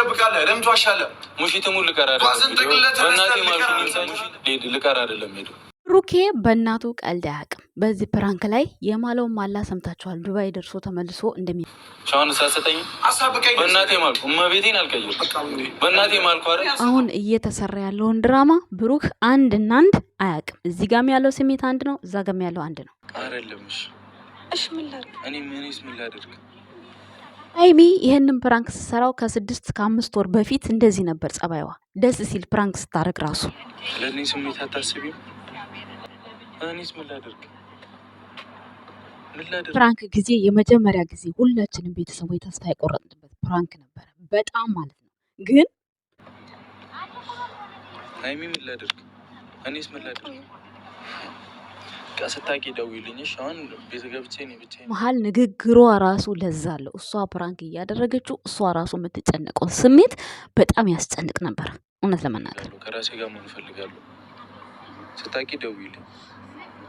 ትደብቃለህ? ለምን ትዋሻለህ? ሙሽትሙ ልቀር ልቀር አይደለም ሄዱ ብሩኬ በእናቱ ቀልድ አያውቅም። በዚህ ፕራንክ ላይ የማለውን ማላ ሰምታችኋል። ዱባይ ደርሶ ተመልሶ እንደሚ አሁን እየተሰራ ያለውን ድራማ ብሩክ አንድ እናንድ አንድ አያውቅም። እዚህ ጋም ያለው ስሜት አንድ ነው፣ እዛ ጋም ያለው አንድ ነው። ሀይሚ ይህንን ፕራንክ ስትሰራው ከስድስት ከአምስት ወር በፊት እንደዚህ ነበር ጸባይዋ። ደስ ሲል ፕራንክ ስታደርግ ራሱ ለእኔ ስሜት አታስቢም። እኔስ ምን ላደርግ ፕራንክ ጊዜ የመጀመሪያ ጊዜ ሁላችንም ቤተሰቡ የተስፋ የቆረጥንበት ፕራንክ ነበረ፣ በጣም ማለት ነው። ግን ሀይሚ ምን ላደርግ እኔስ ምን ላደርግ ስታቂ አሁን ቤት ገብቼ መሀል ንግግሯ ራሱ ለዛ አለው። እሷ ፕራንክ እያደረገችው እሷ ራሱ የምትጨነቀው ስሜት በጣም ያስጨንቅ ነበር። እውነት ለመናገር ከራሴ ጋር መሆን እፈልጋለሁ። ስታቂ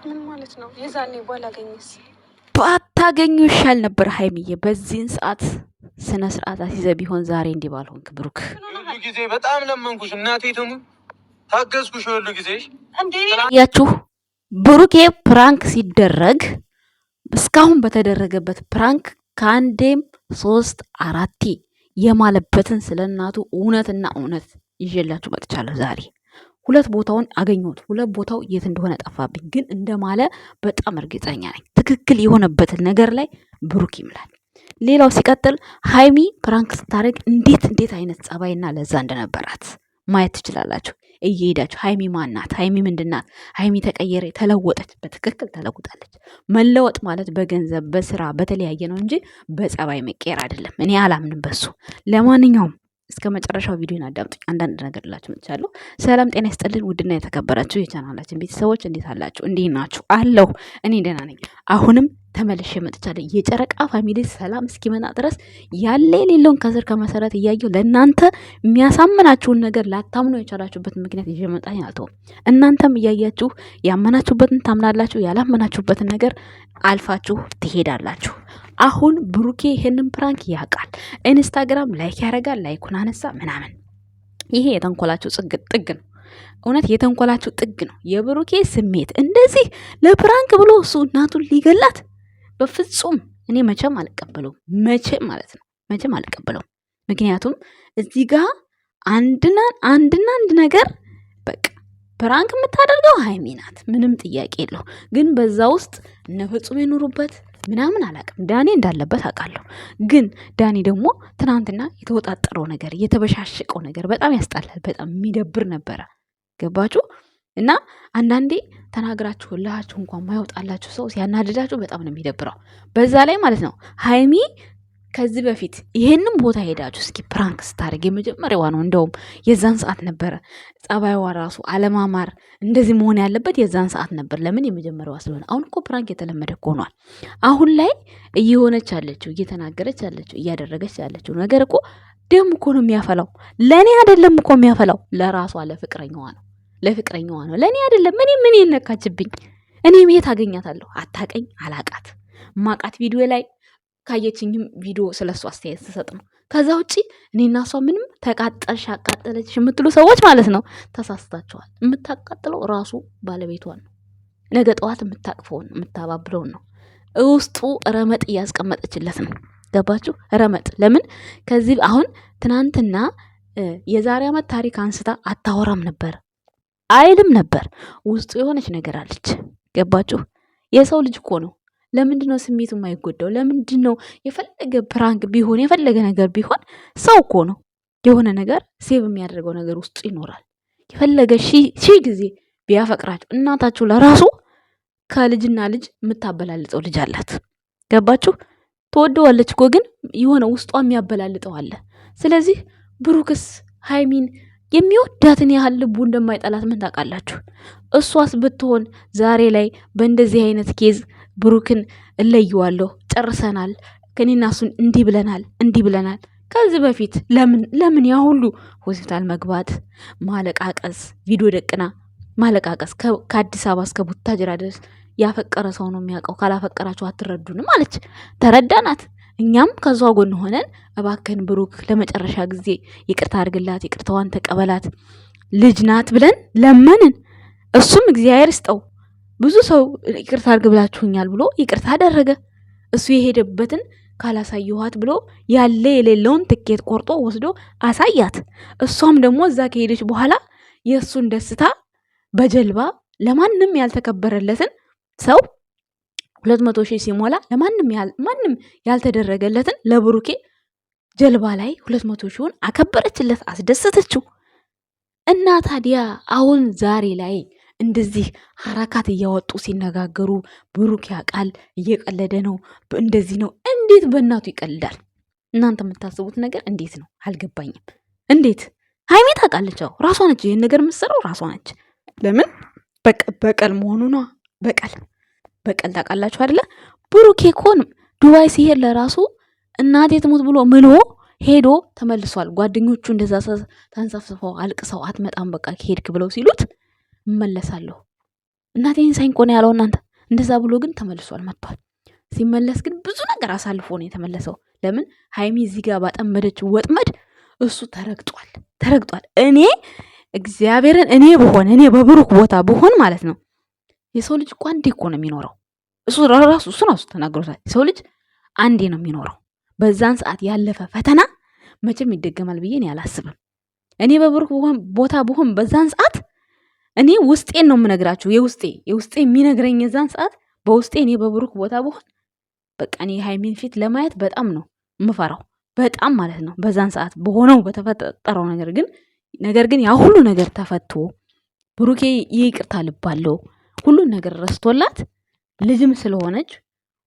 ምን ማለት ነው? የዛኔ ባታገኙ ይሻል ነበር ሀይሚዬ። በዚህን ሰዓት ስነ ስርዓት አስይዘ ቢሆን ዛሬ እንዲህ ባልሆንክ። ብሩክ ሁሉ ጊዜ በጣም ለመንኩሽ፣ እናቴ ታገዝኩሽ ሁሉ ጊዜ ያችሁ ብሩኬ ፕራንክ ሲደረግ እስካሁን በተደረገበት ፕራንክ ከአንዴም ሶስት አራቴ የማለበትን ስለ እናቱ እውነትና እውነት ይዤላችሁ መጥቻለሁ። ዛሬ ሁለት ቦታውን አገኘሁት። ሁለት ቦታው የት እንደሆነ ጠፋብኝ፣ ግን እንደማለ በጣም እርግጠኛ ነኝ። ትክክል የሆነበትን ነገር ላይ ብሩክ ይምላል። ሌላው ሲቀጥል ሀይሚ ፕራንክ ስታደርግ እንዴት እንዴት አይነት ጸባይና ለዛ እንደነበራት ማየት ትችላላችሁ። እየሄዳችሁ ሀይሚ ማናት? ሀይሚ ምንድናት? ሀይሚ ተቀየረ፣ ተለወጠች። በትክክል ተለውጣለች። መለወጥ ማለት በገንዘብ በስራ በተለያየ ነው እንጂ በጸባይ መቀየር አይደለም። እኔ አላምንም በሱ። ለማንኛውም እስከ መጨረሻው ቪዲዮን አዳምጡኝ። አንዳንድ ነገር ላችሁ መጥቻለሁ። ሰላም ጤና ይስጥልን። ውድና የተከበራችሁ የቻናላችን ቤተሰቦች እንዴት አላችሁ? እንዲህ ናችሁ አለሁ። እኔ ደህና ነኝ። አሁንም ተመልሼ መጥቻለሁ። የጨረቃ ፋሚሊ ሰላም እስኪመጣ ድረስ ያለ የሌለውን ከስር ከመሰረት እያየሁ ለእናንተ የሚያሳምናችሁን ነገር ላታምኑ የቻላችሁበትን ምክንያት ይዤ መጣኝ እናንተም እያያችሁ ያመናችሁበትን ታምናላችሁ፣ ያላመናችሁበትን ነገር አልፋችሁ ትሄዳላችሁ። አሁን ብሩኬ ይሄንን ፕራንክ ያውቃል። ኢንስታግራም ላይክ ያደርጋል፣ ላይኩን አነሳ ምናምን። ይሄ የተንኮላችሁ ጥግ ነው። እውነት የተንኮላችሁ ጥግ ነው። የብሩኬ ስሜት እንደዚህ ለፕራንክ ብሎ እሱ እናቱን ሊገላት በፍጹም እኔ መቼም አልቀበለውም። መቼም ማለት ነው መቼም አልቀበለውም። ምክንያቱም እዚህ ጋ አንድና አንድና አንድ ነገር በቃ ፕራንክ የምታደርገው ሀይሚ ናት። ምንም ጥያቄ የለው። ግን በዛ ውስጥ እነ ፍጹም የኖሩበት ምናምን አላቅም ዳኔ እንዳለበት አውቃለሁ። ግን ዳኔ ደግሞ ትናንትና የተወጣጠረው ነገር የተበሻሸቀው ነገር በጣም ያስጣላል። በጣም የሚደብር ነበረ። ገባችሁ? እና አንዳንዴ ተናግራችሁ ልሃችሁ እንኳን ማይወጣላችሁ ሰው ሲያናድዳችሁ በጣም ነው የሚደብረው። በዛ ላይ ማለት ነው ሀይሚ ከዚህ በፊት ይሄንም ቦታ ሄዳችሁ እስኪ ፕራንክ ስታደርግ የመጀመሪያዋ ነው። እንደውም የዛን ሰዓት ነበረ ጸባይዋ ራሱ አለማማር እንደዚህ መሆን ያለበት የዛን ሰዓት ነበር። ለምን የመጀመሪያዋ ስለሆነ። አሁን እኮ ፕራንክ የተለመደ ሆኗል። አሁን ላይ እየሆነች ያለችው እየተናገረች ያለችው እያደረገች ያለችው ነገር እኮ ደም እኮ ነው የሚያፈላው። ለእኔ አይደለም እኮ የሚያፈላው ለራሷ ለፍቅረኛዋ ነው፣ ለፍቅረኛዋ ነው። ለእኔ አይደለም። እኔ ምን የነካችብኝ? እኔ የት አገኛታለሁ? አታቀኝ፣ አላቃት ማቃት ቪዲዮ ላይ ካየችኝም ቪዲዮ ስለ እሱ አስተያየት ስሰጥ ነው። ከዛ ውጪ እኔና እሷ ምንም ተቃጠልሽ አቃጠለች የምትሉ ሰዎች ማለት ነው ተሳስታችኋል። የምታቃጥለው ራሱ ባለቤቷን ነው። ነገ ጠዋት የምታቅፈውን የምታባብለውን ነው። ውስጡ ረመጥ እያስቀመጠችለት ነው። ገባችሁ? ረመጥ ለምን ከዚህ አሁን ትናንትና የዛሬ ዓመት ታሪክ አንስታ አታወራም ነበር አይልም ነበር። ውስጡ የሆነች ነገር አለች። ገባችሁ? የሰው ልጅ እኮ ነው ለምንድ ነው ስሜቱ የማይጎዳው? ለምንድ ነው የፈለገ ፕራንክ ቢሆን የፈለገ ነገር ቢሆን ሰው እኮ ነው የሆነ ነገር ሴቭ የሚያደርገው ነገር ውስጡ ይኖራል። የፈለገ ሺ ጊዜ ቢያፈቅራችሁ እናታችሁ ለራሱ ከልጅና ልጅ የምታበላልጠው ልጅ አላት። ገባችሁ? ትወደዋለች እኮ ግን የሆነ ውስጧ የሚያበላልጠው አለ። ስለዚህ ብሩክስ ሃይሚን የሚወዳትን ያህል ልቡ እንደማይጠላት ምን ታውቃላችሁ? እሷስ ብትሆን ዛሬ ላይ በእንደዚህ አይነት ኬዝ ብሩክን እለይዋለሁ፣ ጨርሰናል፣ ከኔና እሱን እንዲህ ብለናል፣ እንዲህ ብለናል። ከዚህ በፊት ለምን ለምን ያ ሁሉ ሆስፒታል መግባት፣ ማለቃቀስ፣ ቪዲዮ ደቅና ማለቃቀስ፣ ከአዲስ አበባ እስከ ቡታጅራ ድረስ ያፈቀረ ሰው ነው የሚያውቀው። ካላፈቀራችሁ አትረዱንም አለች። ተረዳናት። እኛም ከዛ ጎን ሆነን እባከን ብሩክ ለመጨረሻ ጊዜ ይቅርታ አድርግላት፣ ይቅርታዋን ተቀበላት፣ ልጅ ናት ብለን ለመንን። እሱም እግዚአብሔር ይስጠው ብዙ ሰው ይቅርታ አድርግ ብላችሁኛል ብሎ ይቅርታ አደረገ። እሱ የሄደበትን ካላሳየኋት ብሎ ያለ የሌለውን ትኬት ቆርጦ ወስዶ አሳያት። እሷም ደግሞ እዛ ከሄደች በኋላ የእሱን ደስታ በጀልባ ለማንም ያልተከበረለትን ሰው ሁለት መቶ ሺህ ሲሞላ ለማንም ማንም ያልተደረገለትን ለብሩኬ ጀልባ ላይ ሁለት መቶ ሺውን አከበረችለት፣ አስደሰተችው እና ታዲያ አሁን ዛሬ ላይ እንደዚህ ሀረካት እያወጡ ሲነጋገሩ ብሩክ ያውቃል፣ እየቀለደ ነው፣ እንደዚህ ነው። እንዴት በእናቱ ይቀልዳል? እናንተ የምታስቡት ነገር እንዴት ነው አልገባኝም። እንዴት ሀይሜ ታውቃለች? አዎ ራሷ ነች ይህን ነገር የምትሰራው ራሷ ነች። ለምን በቀል መሆኑ ነ በቀል በቀል ታውቃላችሁ አይደለ? ብሩኬ ኮን ዱባይ ሲሄድ ለራሱ እናቴ ትሙት ብሎ ምሎ ሄዶ ተመልሷል። ጓደኞቹ እንደዛ ተንሰፍስፈው አልቅሰው አትመጣም በቃ ከሄድክ ብለው ሲሉት እመለሳለሁ። እናቴን ሳይንቆ ነው ያለው እናንተ እንደዛ ብሎ ግን ተመልሷል መጥቷል። ሲመለስ ግን ብዙ ነገር አሳልፎ ነው የተመለሰው። ለምን ሀይሚ እዚህ ጋር ባጠመደች ወጥመድ እሱ ተረግጧል ተረግጧል። እኔ እግዚአብሔርን እኔ ብሆን እኔ በብሩክ ቦታ ብሆን ማለት ነው የሰው ልጅ እኮ አንዴ እኮ ነው የሚኖረው። እሱ ራሱ እሱ ራሱ ተናግሮታል። የሰው ልጅ አንዴ ነው የሚኖረው። በዛን ሰዓት ያለፈ ፈተና መቼም ይደገማል ብዬ እኔ አላስብም። እኔ በብሩክ ቦታ ብሆን በዛን ሰዓት እኔ ውስጤን ነው የምነግራችሁ። የውስጤ የውስጤ የሚነግረኝ የዛን ሰዓት በውስጤ እኔ በብሩክ ቦታ ብሆን በቃ እኔ ሀይሚን ፊት ለማየት በጣም ነው የምፈራው፣ በጣም ማለት ነው በዛን ሰዓት በሆነው በተፈጠረው ነገር ግን ነገር ግን ያ ሁሉ ነገር ተፈቶ ብሩኬ ይቅርታ ልባለው ሁሉን ነገር ረስቶላት ልጅም ስለሆነች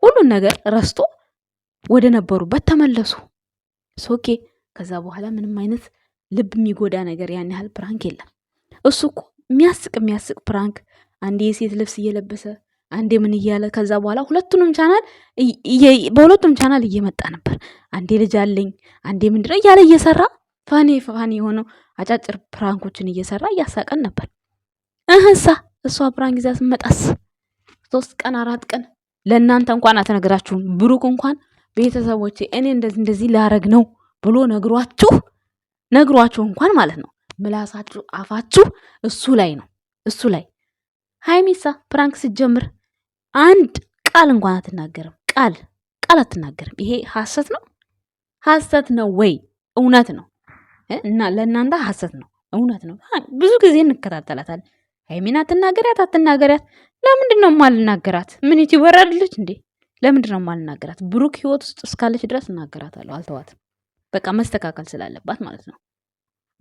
ሁሉን ነገር ረስቶ ወደ ነበሩበት ተመለሱ። ሶኬ ከዛ በኋላ ምንም አይነት ልብ የሚጎዳ ነገር ያን ያህል ፕራንክ የለም። እሱ እኮ የሚያስቅ የሚያስቅ ፕራንክ አንዴ የሴት ልብስ እየለበሰ አንዴ ምን እያለ ከዛ በኋላ ሁለቱንም ቻናል በሁለቱም ቻናል እየመጣ ነበር። አንዴ ልጅ አለኝ አንዴ ምንድነው እያለ እየሰራ ፋኒ ፋኒ የሆነው አጫጭር ፕራንኮችን እየሰራ እያሳቀን ነበር። እህንሳ እሷ ፕራንክ ጊዜ ስመጣስ ሶስት ቀን አራት ቀን ለእናንተ እንኳን አትነግራችሁም። ብሩክ እንኳን ቤተሰቦቼ እኔ እንደዚህ እንደዚህ ላረግ ነው ብሎ ነግሯችሁ ነግሯችሁ እንኳን ማለት ነው ምላሳችሁ አፋችሁ እሱ ላይ ነው እሱ ላይ ሀይሚሳ ፕራንክ ስትጀምር አንድ ቃል እንኳን አትናገርም። ቃል ቃል አትናገርም። ይሄ ሀሰት ነው ሀሰት ነው ወይ እውነት ነው? እና ለእናንተ ሀሰት ነው እውነት ነው? ብዙ ጊዜ እንከታተላታለን። ሀይሚን አትናገሪያት አትናገሪያት። ለምንድን ነው ማልናገራት? ምን ዩቲዩበር አይደለች እንዴ? ለምንድን ነው ማልናገራት? ብሩክ ህይወት ውስጥ እስካለች ድረስ እናገራታለሁ። አልተዋትም። በቃ መስተካከል ስላለባት ማለት ነው።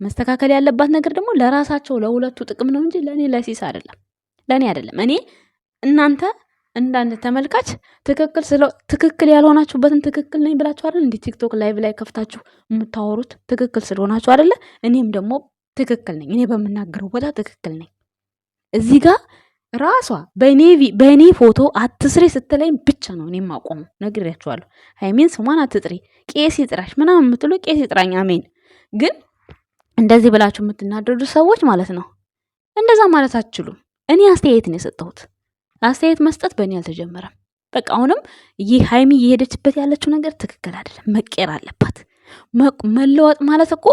መስተካከል ያለባት ነገር ደግሞ ለራሳቸው ለሁለቱ ጥቅም ነው እንጂ ለእኔ ለሲስ አይደለም፣ ለእኔ አይደለም። እኔ እናንተ እንዳንድ ተመልካች ትክክል ስለ ትክክል ያልሆናችሁበትን ትክክል ነኝ ብላችሁ አይደል እንዲህ ቲክቶክ ላይቭ ላይ ከፍታችሁ የምታወሩት ትክክል ስለሆናችሁ አይደለ? እኔም ደግሞ ትክክል ነኝ። እኔ በምናገረው ቦታ ትክክል ነኝ። እዚህ ጋር ራሷ በእኔ ፎቶ አትስሬ ስትለኝ ብቻ ነው እኔም አቆሙ ነግሬያችኋለሁ። ሀይሜን ስሟን አትጥሪ ቄስ ይጥራሽ ምናምን የምትሉ ቄስ ይጥራኝ። አሜን ግን እንደዚህ ብላችሁ የምትናደዱ ሰዎች ማለት ነው፣ እንደዛ ማለት አትችሉም። እኔ አስተያየት ነው የሰጠሁት። አስተያየት መስጠት በእኔ አልተጀመረም። በቃ አሁንም ይህ ሀይሚ እየሄደችበት ያለችው ነገር ትክክል አይደለም፣ መቀየር አለባት። መለወጥ ማለት እኮ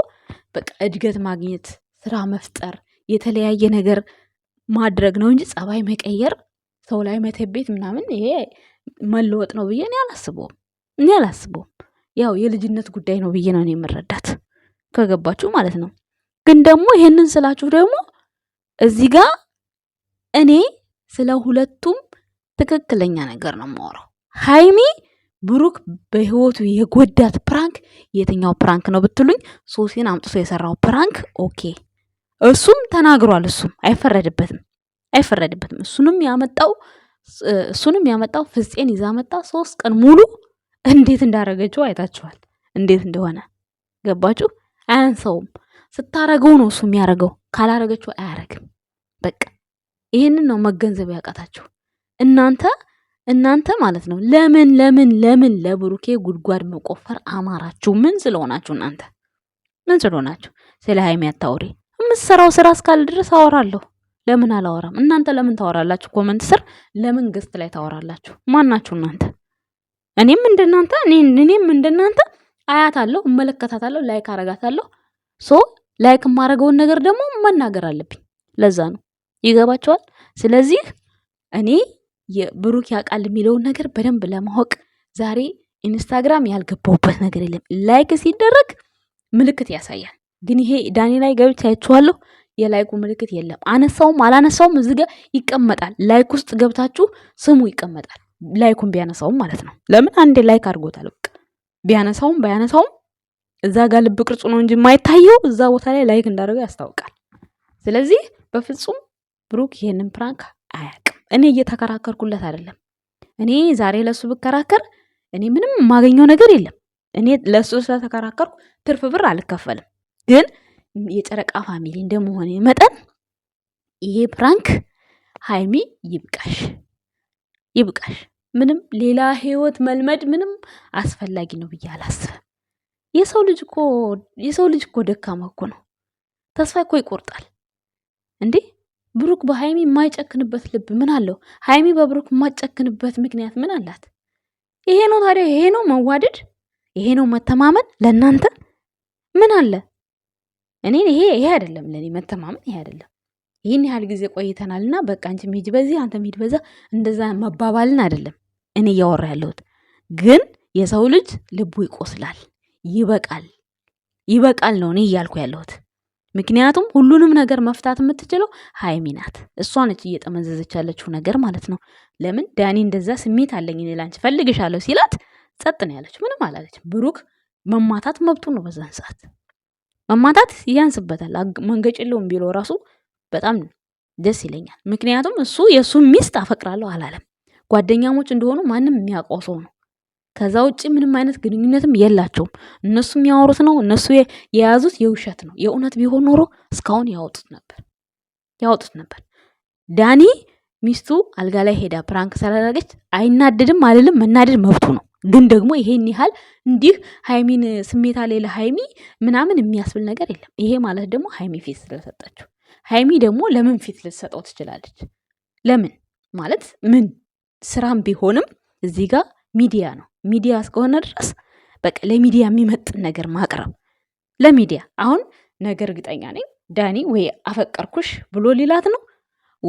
በቃ እድገት ማግኘት፣ ስራ መፍጠር፣ የተለያየ ነገር ማድረግ ነው እንጂ ጸባይ መቀየር፣ ሰው ላይ መተቤት ምናምን ይሄ መለወጥ ነው ብዬ እኔ አላስበውም። እኔ አላስበውም። ያው የልጅነት ጉዳይ ነው ብዬ ነው የምረዳት። ከገባችሁ ማለት ነው። ግን ደግሞ ይሄንን ስላችሁ ደግሞ እዚህ ጋር እኔ ስለ ሁለቱም ትክክለኛ ነገር ነው የማወራው። ሀይሚ ብሩክ በህይወቱ የጎዳት ፕራንክ የትኛው ፕራንክ ነው ብትሉኝ፣ ሶሲን አምጥቶ የሰራው ፕራንክ ኦኬ። እሱም ተናግሯል። እሱም አይፈረድበትም፣ አይፈረድበትም። እሱንም ያመጣው እሱንም ያመጣው ፍፄን ይዛ መጣ። ሶስት ቀን ሙሉ እንዴት እንዳረገችው አይታችኋል፣ እንዴት እንደሆነ ገባችሁ። አያንሰውም። ስታረገው ነው እሱ የሚያረገው፣ ካላረገችው አያረግም። በቃ ይህንን ነው መገንዘብ ያቃታችሁ እናንተ እናንተ ማለት ነው። ለምን ለምን ለምን ለብሩኬ ጉድጓድ መቆፈር አማራችሁ? ምን ስለሆናችሁ እናንተ ምን ስለሆናችሁ? ስለ ሀይሚ አታውሪ። የምትሰራው ስራ እስካለ ድረስ አወራለሁ። ለምን አላወራም? እናንተ ለምን ታወራላችሁ? ኮመንት ስር ለምን ገስት ላይ ታወራላችሁ? ማናችሁ እናንተ? እኔም እንደናንተ እኔም እንደናንተ አያታለሁ፣ እመለከታታለሁ፣ ላይክ አረጋታለሁ። ሶ ላይክ የማረገውን ነገር ደግሞ መናገር አለብኝ። ለዛ ነው ይገባቸዋል። ስለዚህ እኔ የብሩክ ያውቃል የሚለውን ነገር በደንብ ለማወቅ ዛሬ ኢንስታግራም ያልገባውበት ነገር የለም። ላይክ ሲደረግ ምልክት ያሳያል። ግን ይሄ ዳኒ ላይ ገብቼ አይቼዋለሁ። የላይኩ ምልክት የለም። አነሳውም አላነሳውም እዚህ ጋር ይቀመጣል። ላይክ ውስጥ ገብታችሁ ስሙ ይቀመጣል። ላይኩን ቢያነሳውም ማለት ነው። ለምን አንዴ ላይክ አድርጎታል። ቢያነሳውም ባያነሳውም እዛ ጋር ልብ ቅርጹ ነው እንጂ የማይታየው እዛ ቦታ ላይ ላይክ እንዳደረገው ያስታውቃል። ስለዚህ በፍጹም ብሩክ ይሄንን ፕራንክ አያውቅም። እኔ እየተከራከርኩለት አይደለም። እኔ ዛሬ ለሱ ብከራከር እኔ ምንም የማገኘው ነገር የለም። እኔ ለሱ ስለተከራከርኩ ትርፍ ብር አልከፈልም። ግን የጨረቃ ፋሚሊ እንደመሆን መጠን ይሄ ፕራንክ ሀይሚ ይብቃሽ፣ ይብቃሽ። ምንም ሌላ ህይወት መልመድ ምንም አስፈላጊ ነው ብዬ አላስብም። የሰው ልጅ እኮ የሰው ልጅ እኮ ደካማ እኮ ነው። ተስፋ እኮ ይቆርጣል እንዴ! ብሩክ በሀይሚ የማይጨክንበት ልብ ምን አለው? ሀይሚ በብሩክ የማትጨክንበት ምክንያት ምን አላት? ይሄ ነው ታዲያ፣ ይሄ ነው መዋደድ፣ ይሄ ነው መተማመን። ለእናንተ ምን አለ? እኔን ይሄ ይሄ አይደለም ለእኔ መተማመን፣ ይሄ አይደለም። ይህን ያህል ጊዜ ቆይተናል እና በቃ አንቺም ሂጂ በዚህ አንተ ሂድ በዛ እንደዛ መባባልን አይደለም እኔ እያወራ ያለሁት ግን የሰው ልጅ ልቡ ይቆስላል። ይበቃል ይበቃል ነው እኔ እያልኩ ያለሁት። ምክንያቱም ሁሉንም ነገር መፍታት የምትችለው ሀይሚ ናት። እሷ ነች እየጠመዘዘች ያለችው ነገር ማለት ነው። ለምን ዳኒ እንደዛ ስሜት አለኝ እኔ ላንቺ ፈልግሻለሁ ሲላት ጸጥ ነው ያለች፣ ምንም አላለች። ብሩክ መማታት መብቱ ነው። በዛን ሰዓት መማታት ያንስበታል። መንገጭለውም ቢለው ራሱ በጣም ደስ ይለኛል። ምክንያቱም እሱ የእሱን ሚስት አፈቅራለሁ አላለም። ጓደኛሞች እንደሆኑ ማንም የሚያውቀው ሰው ነው። ከዛ ውጪ ምንም አይነት ግንኙነትም የላቸውም። እነሱ የሚያወሩት ነው እነሱ የያዙት የውሸት ነው። የእውነት ቢሆን ኖሮ እስካሁን ያወጡት ነበር ያወጡት ነበር። ዳኒ ሚስቱ አልጋ ላይ ሄዳ ፕራንክ ስላደረገች አይናደድም አልልም፣ መናደድ መብቱ ነው። ግን ደግሞ ይሄን ያህል እንዲህ ሀይሚን ስሜታ ሌለ ሀይሚ ምናምን የሚያስብል ነገር የለም። ይሄ ማለት ደግሞ ሀይሚ ፊት ስለሰጠችው፣ ሀይሚ ደግሞ ለምን ፊት ልትሰጠው ትችላለች? ለምን ማለት ምን ስራም ቢሆንም እዚህ ጋር ሚዲያ ነው። ሚዲያ እስከሆነ ድረስ በቃ ለሚዲያ የሚመጥን ነገር ማቅረብ ለሚዲያ አሁን ነገ እርግጠኛ ነኝ ዳኒ ወይ አፈቀርኩሽ ብሎ ሊላት ነው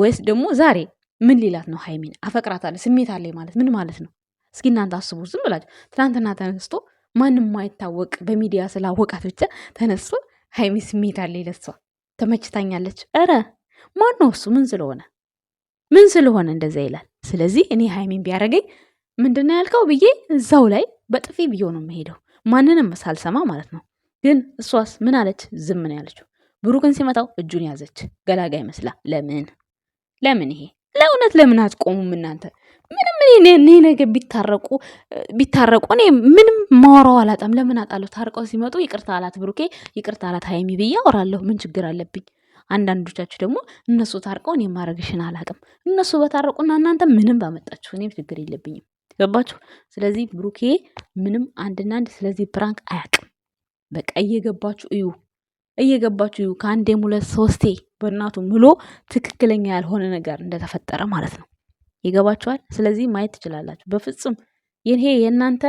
ወይስ ደግሞ ዛሬ ምን ሊላት ነው? ሀይሚን አፈቅራታለሁ ስሜት አለኝ ማለት ምን ማለት ነው? እስኪ እናንተ አስቡ። ዝም ብላችሁ ትናንትና ተነስቶ ማንም ማይታወቅ በሚዲያ ስላወቃት ብቻ ተነስቶ ሀይሚ ስሜት አለኝ ለሷ ተመችታኛለች። ኧረ ማን ነው እሱ? ምን ስለሆነ ምን ስለሆነ እንደዛ ይላል? ስለዚህ እኔ ሀይሚን ቢያደርገኝ ምንድን ነው ያልከው ብዬ እዛው ላይ በጥፊ ብዬ ነው የምሄደው፣ ማንንም ሳልሰማ ማለት ነው። ግን እሷስ ምን አለች? ዝም ነው ያለችው። ብሩክን ሲመታው እጁን ያዘች ገላጋይ መስላ። ለምን ለምን ይሄ ለእውነት ለምን አትቆሙም እናንተ? ምንም እኔ ነገ ቢታረቁ ቢታረቁ እኔ ምንም ማወራው አላጣም። ለምን አጣለሁ? ታርቀው ሲመጡ ይቅርታ አላት ብሩኬ፣ ይቅርታ አላት ሀይሚ ብዬ አወራለሁ። ምን ችግር አለብኝ? አንዳንዶቻችሁ ደግሞ እነሱ ታርቀው እኔ ማድረግሽን አላቅም፣ እነሱ በታረቁና እናንተ ምንም ባመጣችሁ እኔም ችግር የለብኝም። ገባችሁ? ስለዚህ ብሩኬ ምንም አንድና አንድ ስለዚህ ፕራንክ አያቅም። በቃ እየገባችሁ እዩ፣ እየገባችሁ እዩ። ከአንዴም ሁለት ሶስቴ በእናቱ ምሎ ትክክለኛ ያልሆነ ነገር እንደተፈጠረ ማለት ነው። ይገባችኋል? ስለዚህ ማየት ትችላላችሁ። በፍጹም ይሄ የእናንተ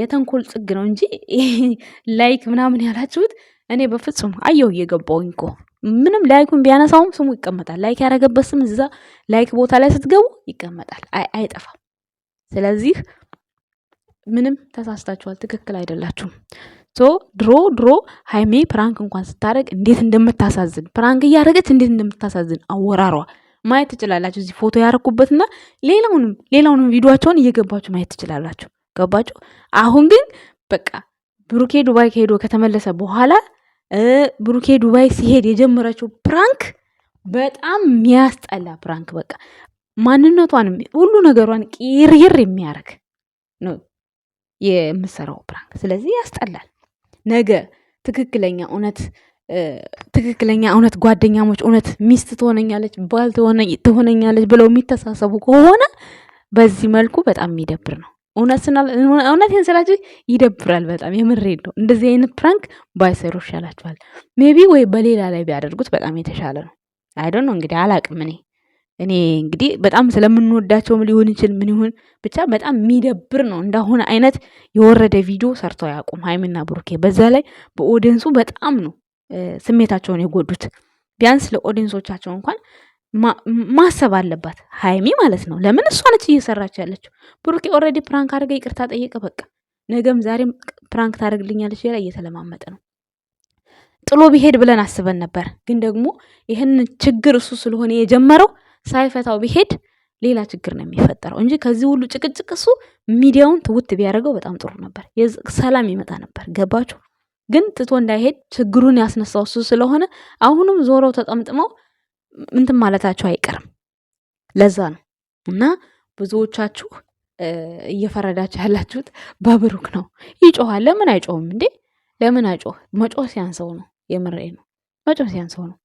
የተንኮል ጥግ ነው እንጂ ላይክ ምናምን ያላችሁት እኔ በፍጹም አየሁ እየገባውኝ እኮ ምንም ላይኩን ቢያነሳውም ስሙ ይቀመጣል። ላይክ ያደረገበት ስም እዛ ላይክ ቦታ ላይ ስትገቡ ይቀመጣል፣ አይጠፋም። ስለዚህ ምንም ተሳስታችኋል፣ ትክክል አይደላችሁም። ሶ ድሮ ድሮ ሀይሜ ፕራንክ እንኳን ስታደርግ እንዴት እንደምታሳዝን ፕራንክ እያደረገች እንዴት እንደምታሳዝን አወራሯ ማየት ትችላላችሁ። እዚህ ፎቶ ያረኩበትና ሌላውንም ሌላውንም ቪዲዮቸውን እየገባችሁ ማየት ትችላላችሁ። ገባችሁ? አሁን ግን በቃ ብሩኬ ዱባይ ከሄዶ ከተመለሰ በኋላ ብሩኬ ዱባይ ሲሄድ የጀመረችው ፕራንክ በጣም የሚያስጠላ ፕራንክ፣ በቃ ማንነቷን ሁሉ ነገሯን ቂርይር የሚያደርግ ነው የምሰራው ፕራንክ። ስለዚህ ያስጠላል። ነገ ትክክለኛ እውነት ትክክለኛ እውነት ጓደኛሞች እውነት ሚስት ትሆነኛለች ባል ትሆነኛለች ብለው የሚተሳሰቡ ከሆነ በዚህ መልኩ በጣም የሚደብር ነው። እውነቴን ስላችሁ ይደብራል በጣም የምሬድ ነው። እንደዚህ አይነት ፕራንክ ባይሰሩ ይሻላችኋል። ሜቢ ወይ በሌላ ላይ ቢያደርጉት በጣም የተሻለ ነው። አይዶን ነው እንግዲህ አላቅም እኔ እኔ እንግዲህ በጣም ስለምንወዳቸውም ሊሆን ይችል ምን ይሁን ብቻ በጣም የሚደብር ነው። እንዳሁን አይነት የወረደ ቪዲዮ ሰርተው አያውቁም ሀይሚና ብሩኬ። በዛ ላይ በኦዲየንሱ በጣም ነው ስሜታቸውን የጎዱት። ቢያንስ ለኦዲንሶቻቸው እንኳን ማሰብ አለባት ሀይሚ ማለት ነው። ለምን እሷ ነች እየሰራች ያለችው። ብሩኬ ኦልሬዲ ፕራንክ አድርገ ይቅርታ ጠየቀ። በቃ ነገም ዛሬም ፕራንክ ታደርግልኛለች ሌላ እየተለማመጠ ነው። ጥሎ ቢሄድ ብለን አስበን ነበር፣ ግን ደግሞ ይህን ችግር እሱ ስለሆነ የጀመረው ሳይፈታው ቢሄድ ሌላ ችግር ነው የሚፈጠረው እንጂ ከዚህ ሁሉ ጭቅጭቅ እሱ ሚዲያውን ትውት ቢያደርገው በጣም ጥሩ ነበር፣ ሰላም ይመጣ ነበር። ገባችሁ? ግን ትቶ እንዳይሄድ ችግሩን ያስነሳው እሱ ስለሆነ አሁንም ዞረው ተጠምጥመው እንትን ማለታችሁ አይቀርም። ለዛ ነው እና ብዙዎቻችሁ እየፈረዳችሁ ያላችሁት በብሩክ ነው። ይጮኋል። ለምን አይጮህም እንዴ? ለምን አይጮህ? መጮህ ሲያንሰው ነው። የምሬ ነው። መጮህ ሲያንሰው ነው።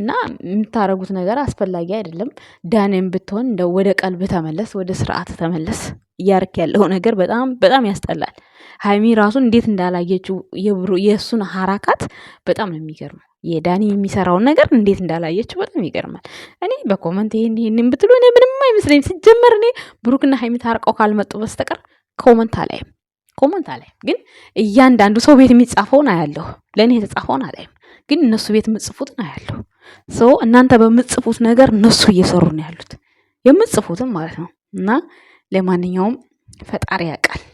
እና የምታረጉት ነገር አስፈላጊ አይደለም። ዳኔም ብትሆን እንደ ወደ ቀልብ ተመለስ፣ ወደ ስርዓት ተመለስ። እያርክ ያለው ነገር በጣም በጣም ያስጠላል። ሀይሚ ራሱን እንዴት እንዳላየችው የእሱን ሀራካት በጣም ነው የሚገርመው። የዳኒ የሚሰራውን ነገር እንዴት እንዳላየችው በጣም ይገርማል። እኔ በኮመንት ይሄን ይሄን ብትሉ እኔ ምንም አይመስለኝም። ሲጀመር እኔ ብሩክና ሀይሚ ታርቀው ካልመጡ በስተቀር ኮመንት አላይም። ኮመንት አላይም፣ ግን እያንዳንዱ ሰው ቤት የሚጻፈውን አያለሁ። ለእኔ የተጻፈውን አላይም፣ ግን እነሱ ቤት የምጽፉትን አያለሁ። ሰው እናንተ በምጽፉት ነገር እነሱ እየሰሩ ነው ያሉት የምጽፉትም ማለት ነው። እና ለማንኛውም ፈጣሪ ያውቃል።